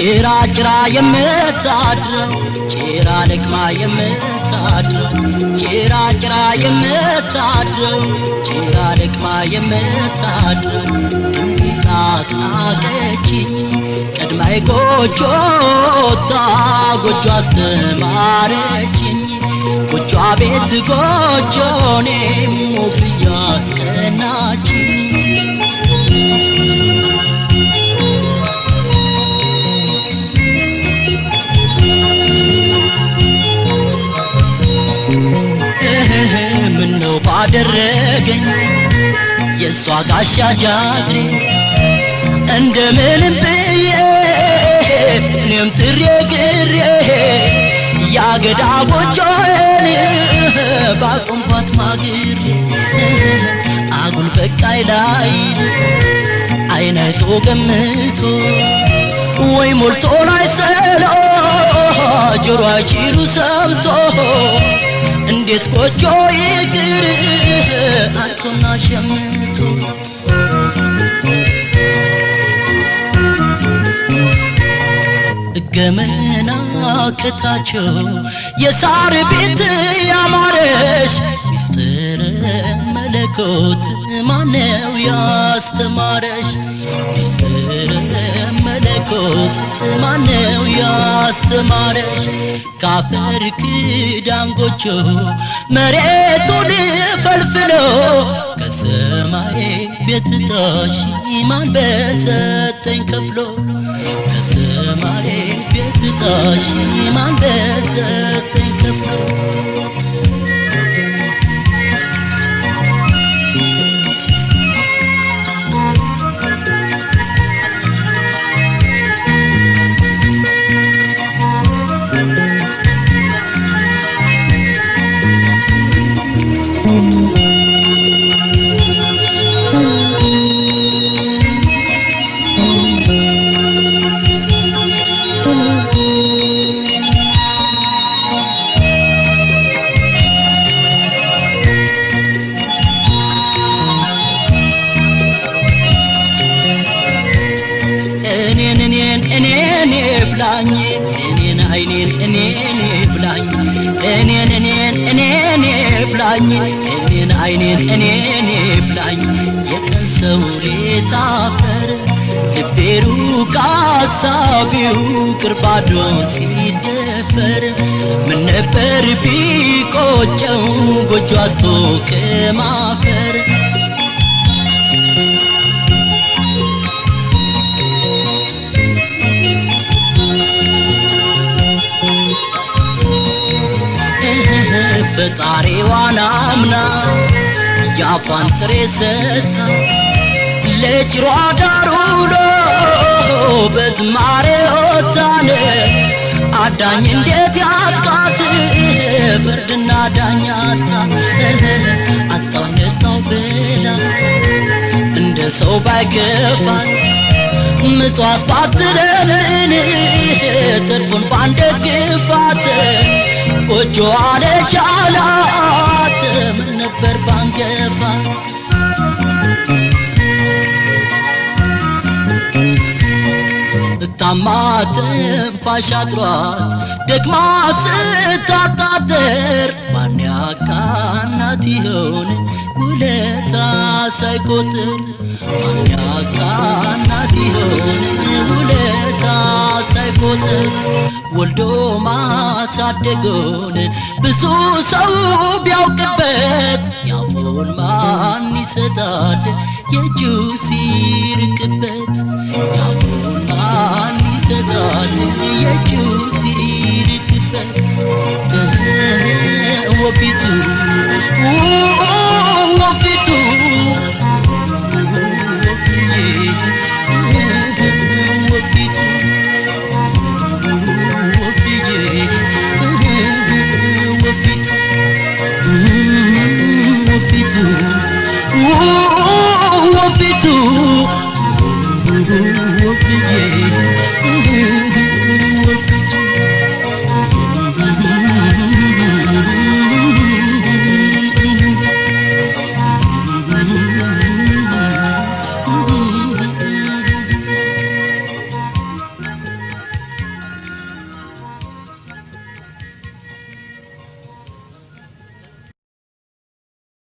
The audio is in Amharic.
ጭራ ጭራ የምታድረው ጭራ ለቅማ የምታድረው ጭራ ጭራ የምታድረው ጭራ ለቅማ የምታድረው ታስናቀች ቀድማይ ጎጆ ወጣ ጎጆ አስተማረችኝ ጎጆ ቤት ጎጆ እኔም ውብያ አስቀናችኝ ምነው ባደረገኝ የእሷ ጋሻ ጃግሬ እንደምንም ብዬ እኔም ጥሬ ግሬ ያገዳ ጎጆን ባቆምኳት ማግሬ አጉል በቃይ ላይ አይነቶ ገምቶ ወይ ሞልቶ ላይ ሰሎ ጆሮ አይችሉ ሰምቶ እንዴት ጎጆ ይግር አንሶና ሸምቶ ገመና ከታቸው የሳር ቤት ያማረሽ ሚስጥር መለኮት ማነው ያስተማረሽ? ሚስጥር መለኮት ማነው ያስተማረሽ? ካፈር ክዳን መሬቱን ፈልፍሎ ከሰማይ ቤት ዕጣሽ ኢማን በሰጠኝ ከፍሎ ተሰማሬ ቤት ዕጣሽ ኢማን በሰጠኝ ብላኝ እኔን አይኔን እኔን ብላኝ እኔን እኔን እኔን ብላኝ እኔን አይኔን ብላኝ የቀን ሰው ልቤሩ ቃሳቢው ቅርባዶ ሲደፈር ምን ነበር ቢቆጨው ጎጆ ከማፈር ፈጣሪዋን አምና የአፏን ጥሬ ሰጥታ ለጅሯ ዳሩሎ በዝማሬ ወታነ አዳኝ እንዴት ያጥቃት ፍርድና ዳኛታ አጣው ነጣው ብላ እንደ ሰው ባይገፋት ምጽዋት ባትለምን ትርፉን ባንደግፋት ቆጆ አለቻላት ምን ነበር ባንገፋ እታማት ትንፋሽ አጥሯት ደግማ ስታጣደር ማን ያቃናት ይሆን ሳይቆጥር ያቃ ይሆን ውለታ ሳይቆጥር ወልዶ ማሳደጎን ብዙ ሰው ቢያውቅበት ያፉን ማን ይሰጣል የእጁ ሲርቅበት ያፉን ማን ይሰጣል የእጁ Ooh, ooh, ooh,